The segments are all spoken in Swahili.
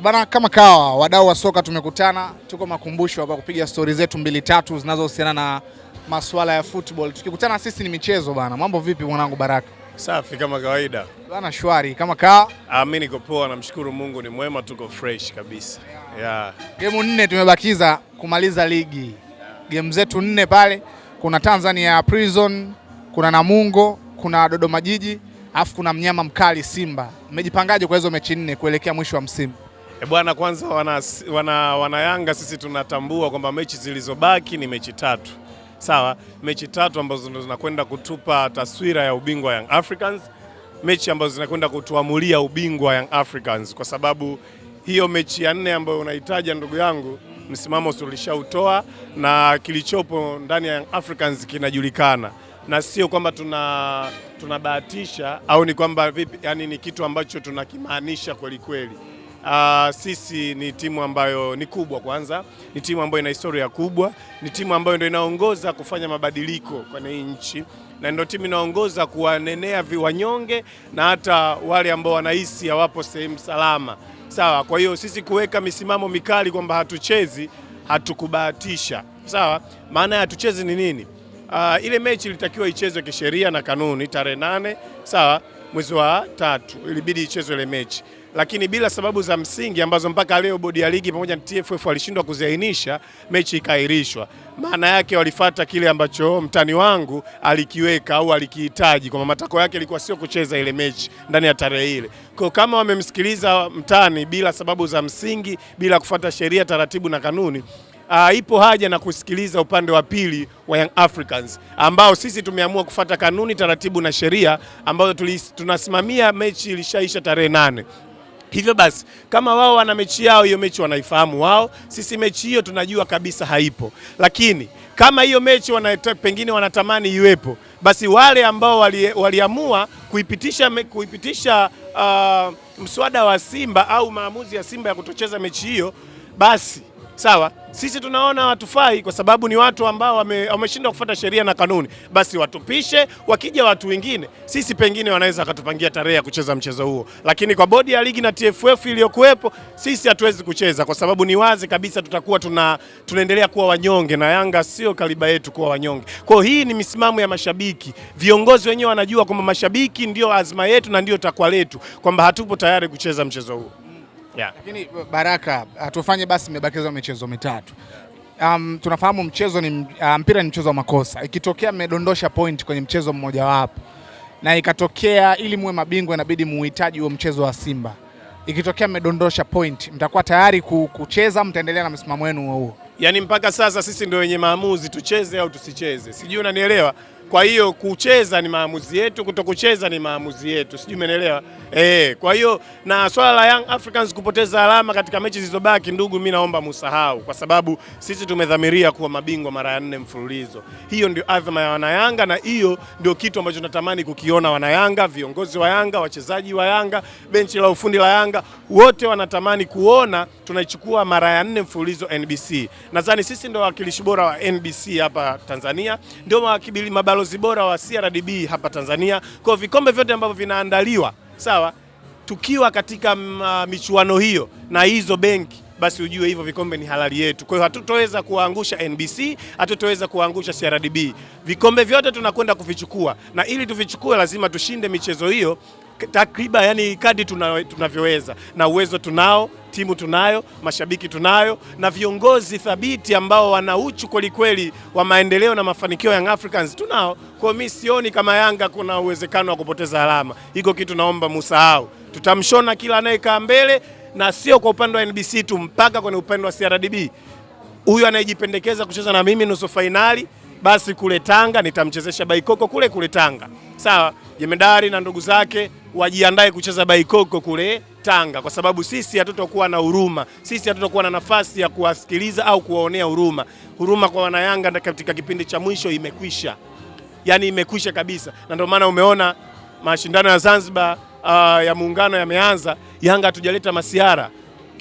Bana, kama kawa wadau wa soka tumekutana, tuko makumbusho hapa kupiga stori zetu mbili tatu zinazohusiana na masuala ya football. Tukikutana sisi ni michezo bana. Mambo vipi mwanangu Baraka? Safi kama kawaida bana, shwari kama kawa. Ah, mimi niko poa, namshukuru Mungu ni mwema, tuko fresh kabisa yeah. Gemu nne tumebakiza kumaliza ligi, gemu zetu nne pale, kuna Tanzania Prison, kuna Namungo, kuna Dodoma Jiji, alafu kuna mnyama mkali Simba. Mmejipangaje kwa hizo mechi nne kuelekea mwisho wa msimu? E bwana, kwanza wana, wana, wana Yanga sisi tunatambua kwamba mechi zilizobaki ni mechi tatu, sawa, mechi tatu ambazo zinakwenda kutupa taswira ya ubingwa Young Africans, mechi ambazo zinakwenda kutuamulia ubingwa Young Africans, kwa sababu hiyo mechi ya nne ambayo unahitaja ndugu yangu msimamo tulishautoa na kilichopo ndani ya Young Africans kinajulikana, na sio kwamba tuna tunabahatisha au ni kwamba vipi, yani ni kitu ambacho tunakimaanisha kweli kweli. Uh, sisi ni timu ambayo ni kubwa, kwanza ni timu ambayo ina historia kubwa, ni timu ambayo ndio inaongoza kufanya mabadiliko kwenye nchi na ndio timu inaongoza kuwanenea viwanyonge na hata wale ambao wanahisi hawapo sehemu salama. Sawa, kwa hiyo sisi kuweka misimamo mikali kwamba hatuchezi, hatukubahatisha. Sawa, maana ya hatuchezi ni nini? Uh, ile mechi ilitakiwa ichezwe kisheria na kanuni tarehe nane, sawa, mwezi wa tatu ilibidi ichezwe ile mechi lakini bila sababu za msingi ambazo mpaka leo bodi ya ligi pamoja na TFF walishindwa kuziainisha, mechi ikaahirishwa. Maana yake walifata kile ambacho mtani wangu alikiweka au alikihitaji, kwa matako yake ilikuwa sio kucheza ile mechi ndani ya tarehe ile. Kwa kama wamemsikiliza mtani bila sababu za msingi, bila kufata sheria, taratibu na kanuni Uh, ipo haja na kusikiliza upande wa pili wa Young Africans ambao sisi tumeamua kufata kanuni, taratibu na sheria ambazo tunasimamia. Mechi ilishaisha tarehe nane. Hivyo basi kama wao wana mechi yao, hiyo mechi wanaifahamu wao, sisi mechi hiyo tunajua kabisa haipo, lakini kama hiyo mechi wanata, pengine wanatamani iwepo, basi wale ambao wali, waliamua kuipitisha, kuipitisha uh, mswada wa Simba au maamuzi ya Simba ya kutocheza mechi hiyo basi sawa, sisi tunaona watufai kwa sababu ni watu ambao wameshindwa wame kufuata sheria na kanuni, basi watupishe. Wakija watu wengine, sisi pengine wanaweza wakatupangia tarehe ya kucheza mchezo huo, lakini kwa bodi ya ligi na TFF iliyokuwepo, sisi hatuwezi kucheza kwa sababu ni wazi kabisa tutakuwa tuna, tunaendelea kuwa wanyonge na Yanga sio kaliba yetu kuwa wanyonge. Kwa hii ni misimamo ya mashabiki, viongozi wenyewe wanajua kwamba mashabiki ndio azma yetu na ndio takwa letu kwamba hatupo tayari kucheza mchezo huo yeah. Lakini uh, Baraka, uh, tufanye basi, mmebakizwa michezo mitatu um, tunafahamu mchezo ni uh, mpira ni mchezo wa makosa. Ikitokea mmedondosha point kwenye mchezo mmojawapo na ikatokea ili muwe mabingwa inabidi muhitaji huo mchezo wa Simba, ikitokea mmedondosha point, mtakuwa tayari kucheza, mtaendelea na msimamo wenu huo? Yaani mpaka sasa sisi ndio wenye maamuzi, tucheze au tusicheze, sijui unanielewa? Kwa hiyo kucheza ni maamuzi yetu, kutokucheza ni maamuzi yetu, sijui umeelewa eh. Kwa hiyo na swala la Young Africans kupoteza alama katika mechi zilizobaki, ndugu, mimi naomba musahau, kwa sababu sisi tumedhamiria kuwa mabingwa mara ya nne mfululizo. Hiyo ndio adhima ya wanayanga, na hiyo ndio kitu ambacho natamani kukiona wanayanga, viongozi wa Yanga, wachezaji wa Yanga, benchi la ufundi la Yanga, wote wanatamani kuona tunaichukua mara ya nne mfululizo NBC. Nadhani sisi ndio wawakilishi bora wa NBC hapa Tanzania, ndio mawakili mabalozi bora wa CRDB hapa Tanzania. Kwa vikombe vyote ambavyo vinaandaliwa sawa, tukiwa katika mm, ah, michuano hiyo na hizo benki basi ujue hivyo vikombe ni halali yetu. Kwa hiyo hatutoweza kuwaangusha NBC, hatutoweza kuwaangusha CRDB. Vikombe vyote tunakwenda kuvichukua, na ili tuvichukue lazima tushinde michezo hiyo takriban yani kadi tunavyoweza, na uwezo tunao, timu tunayo, mashabiki tunayo, na viongozi thabiti ambao wana uchu kwelikweli wa maendeleo na mafanikio Young Africans tunao. Kwa mimi sioni kama Yanga kuna uwezekano wa kupoteza alama. Hiko kitu naomba musahau, tutamshona kila anayekaa mbele, na sio kwa upande wa NBC tu, mpaka kwenye upande wa CRDB. Huyu anayejipendekeza kucheza na mimi nusu fainali basi kule Tanga nitamchezesha Baikoko kule kule Tanga, sawa jemedari na ndugu zake wajiandae kucheza baikoko kule Tanga, kwa sababu sisi hatutokuwa na huruma, sisi hatutakuwa na nafasi ya kuwasikiliza au kuwaonea huruma. Huruma kwa wanayanga katika kipindi cha mwisho imekwisha, yani imekwisha kabisa, na ndio maana umeona mashindano ya Zanzibar uh, ya muungano yameanza, Yanga hatujaleta masiara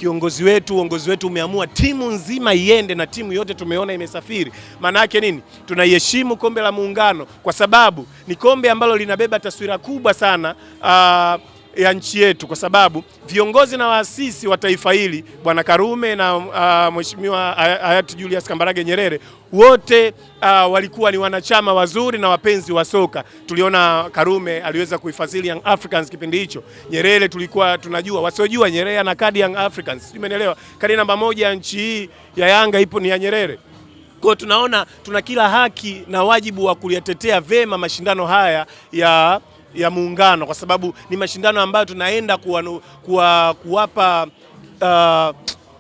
kiongozi wetu, uongozi wetu umeamua timu nzima iende, na timu yote tumeona imesafiri. Maana yake nini? Tunaiheshimu kombe la Muungano kwa sababu ni kombe ambalo linabeba taswira kubwa sana uh, ya nchi yetu, kwa sababu viongozi na waasisi wa taifa hili Bwana Karume na uh, Mheshimiwa hayati Julius Kambarage Nyerere wote uh, walikuwa ni wanachama wazuri na wapenzi wa soka. Tuliona Karume aliweza kuifadhili Young Africans kipindi hicho. Nyerere tulikuwa tunajua, wasiojua Nyerere ana kadi Young Africans, umeelewa? Kadi namba moja ya nchi hii ya Yanga ipo ni ya Nyerere. Kwa tunaona tuna kila haki na wajibu wa kuyatetea vema mashindano haya ya ya Muungano, kwa sababu ni mashindano ambayo tunaenda kuwapa kuwa, kuwapa uh,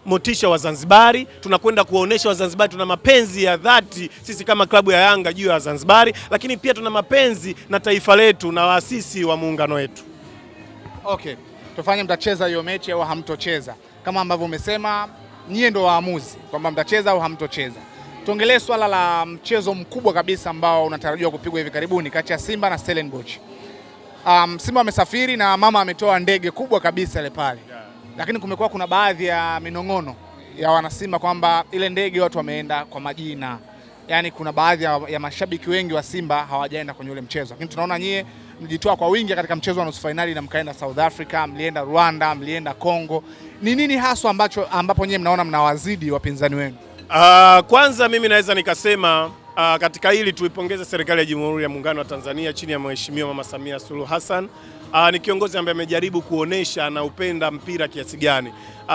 motisha Wazanzibari, tunakwenda kuwaonesha Wazanzibari tuna mapenzi ya dhati sisi kama klabu ya Yanga juu ya Wazanzibari, lakini pia tuna mapenzi na taifa letu na waasisi wa muungano wetu. Okay, tufanye, mtacheza hiyo mechi au hamtocheza? Kama ambavyo umesema nyie ndio waamuzi kwamba mtacheza au hamtocheza. Tuongelee swala la mchezo mkubwa kabisa ambao unatarajiwa kupigwa hivi karibuni kati ya Simba na Stellenbosch um, Simba amesafiri na mama ametoa ndege kubwa kabisa ile pale, lakini kumekuwa kuna baadhi ya minong'ono ya wanasimba kwamba ile ndege watu wameenda kwa majina, yaani kuna baadhi ya, ya mashabiki wengi wa Simba hawajaenda kwenye ule mchezo, lakini tunaona nyie mjitoa kwa wingi katika mchezo wa nusu fainali na mkaenda South Africa, mlienda Rwanda, mlienda Congo. Ni nini haswa ambacho ambapo nyie mnaona mnawazidi wapinzani wenu? Uh, kwanza mimi naweza nikasema Uh, katika hili tuipongeze serikali ya Jamhuri ya Muungano wa Tanzania chini ya Mheshimiwa Mama Samia Suluhu Hassan. Uh, ni kiongozi ambaye amejaribu kuonesha anaupenda mpira kiasi gani, uh,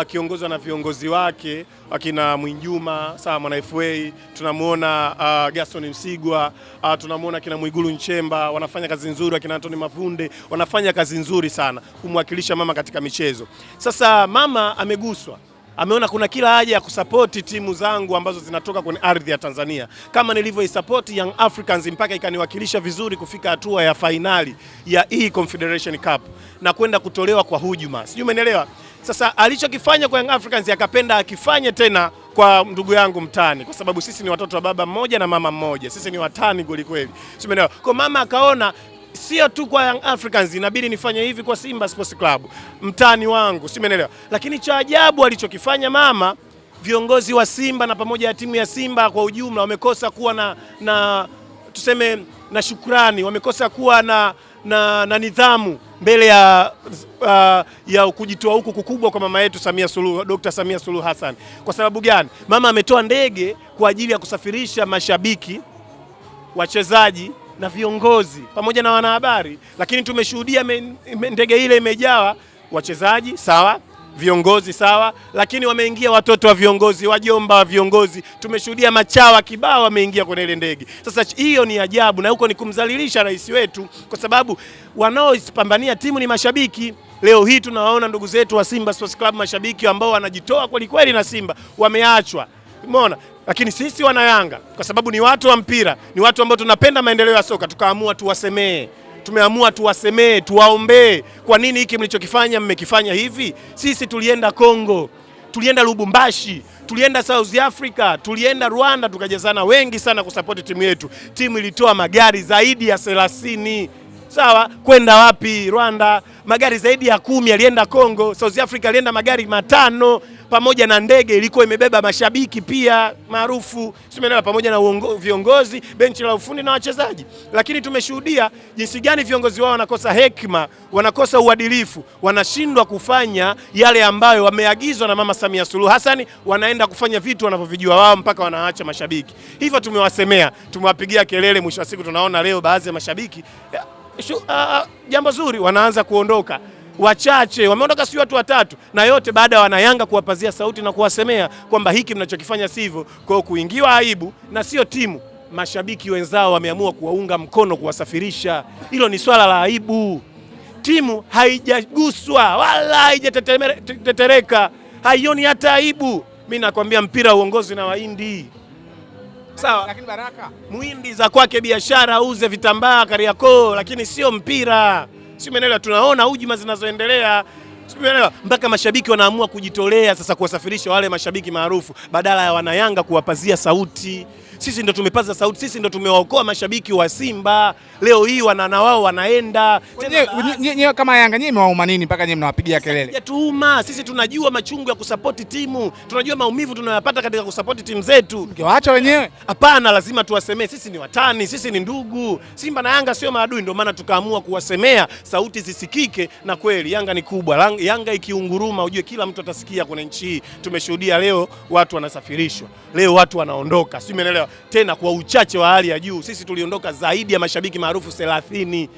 akiongozwa na viongozi wake akina Mwinjuma sawa mwana FA, tunamwona uh, Gaston Msigwa, uh, tunamwona kina Mwigulu Nchemba wanafanya kazi nzuri, akina Anthony Mavunde wanafanya kazi nzuri sana kumwakilisha mama katika michezo. Sasa mama ameguswa ameona kuna kila haja ya kusapoti timu zangu ambazo zinatoka kwenye ardhi ya Tanzania kama nilivyoisupport Young Africans mpaka ikaniwakilisha vizuri kufika hatua ya fainali ya E Confederation Cup na kwenda kutolewa kwa hujuma, sijui umeelewa. Sasa alichokifanya kwa Young Africans akapenda akifanye tena kwa ndugu yangu mtani, kwa sababu sisi ni watoto wa baba mmoja na mama mmoja, sisi ni watani kweli kweli, sio Kwa mama akaona sio tu kwa Young Africans, inabidi nifanye hivi kwa Simba Sports Club, mtani wangu, si Lakini cha ajabu alichokifanya mama, viongozi wa Simba na pamoja na timu ya Simba kwa ujumla wamekosa kuwa na, na tuseme na shukrani, wamekosa kuwa na, na, na nidhamu mbele ya, uh, ya kujitoa huku kukubwa kwa mama yetu Samia Suluhu, Dr. Samia Suluhu Hassan. Kwa sababu gani? Mama ametoa ndege kwa ajili ya kusafirisha mashabiki, wachezaji na viongozi pamoja na wanahabari, lakini tumeshuhudia ndege ile imejawa wachezaji sawa, viongozi sawa, lakini wameingia watoto wa viongozi, wajomba wa viongozi. Tumeshuhudia machawa kibao wameingia kwenye ile ndege. Sasa hiyo ni ajabu, na huko ni kumdhalilisha rais wetu, kwa sababu wanaopambania timu ni mashabiki. Leo hii tunawaona ndugu zetu wa Simba Sports Club, mashabiki ambao wanajitoa kwelikweli na Simba wameachwa. Umeona? Lakini sisi wana Yanga kwa sababu ni watu wa mpira, ni watu ambao tunapenda maendeleo ya soka, tukaamua tuwasemee tumeamua tuwasemee, tuwaombee, kwa nini hiki mlichokifanya mmekifanya hivi? Sisi tulienda Kongo, tulienda Lubumbashi, tulienda South Africa, tulienda Rwanda, tukajazana wengi sana kusapoti timu yetu. Timu ilitoa magari zaidi ya thelathini. Sawa, kwenda wapi? Rwanda, magari zaidi ya kumi yalienda Kongo. South Africa alienda magari matano pamoja na ndege ilikuwa imebeba mashabiki pia maarufu, simenelewa, pamoja na uongo, viongozi, benchi la ufundi na wachezaji. Lakini tumeshuhudia jinsi gani viongozi wao wanakosa hekima, wanakosa uadilifu, wanashindwa kufanya yale ambayo wameagizwa na Mama Samia Suluhu Hassan, wanaenda kufanya vitu wanavyovijua wao mpaka wanaacha mashabiki. Hivyo tumewasemea, tumewapigia kelele, mwisho wa siku tunaona leo baadhi ya mashabiki eh, Shu, uh, jambo zuri wanaanza kuondoka wachache wameondoka, sio watu watatu, na yote baada ya wanayanga kuwapazia sauti na kuwasemea kwamba hiki mnachokifanya hivyo, Kwa kuingiwa aibu na sio timu, mashabiki wenzao wameamua kuwaunga mkono, kuwasafirisha. Hilo ni swala la aibu. Timu haijaguswa wala haijatetereka, haioni hata aibu. Mi nakwambia mpira uongozi na Wahindi sawa, lakini Baraka Muhindi za kwake biashara, auze vitambaa Kariakoo, lakini sio mpira si umeelewa? Tunaona hujuma zinazoendelea Umeelewa? mpaka mashabiki wanaamua kujitolea sasa kuwasafirisha wale mashabiki maarufu badala ya wanayanga kuwapazia sauti. Sisi ndo tumepaza sauti, sisi ndo tumewaokoa mashabiki wa Simba. Leo hii wanana wao wanaenda nyewe kama Yanga nyewe mwauma nini mpaka nyewe mnawapigia kelele? Yatuuma sisi, tunajua machungu ya kusapoti timu, tunajua maumivu tunayopata katika kusapoti timu zetu. Mngewaacha wenyewe? Hapana, lazima tuwasemee. Sisi ni watani, sisi ni ndugu. Simba na Yanga sio maadui, ndio maana tukaamua kuwasemea, sauti zisikike. Na kweli Yanga ni kubwa, Yanga ikiunguruma, ujue kila mtu atasikia kwenye nchi hii. Tumeshuhudia leo watu wanasafirishwa, leo watu wanaondoka, si umeelewa? Tena kwa uchache wa hali ya juu, sisi tuliondoka zaidi ya mashabiki maarufu 30.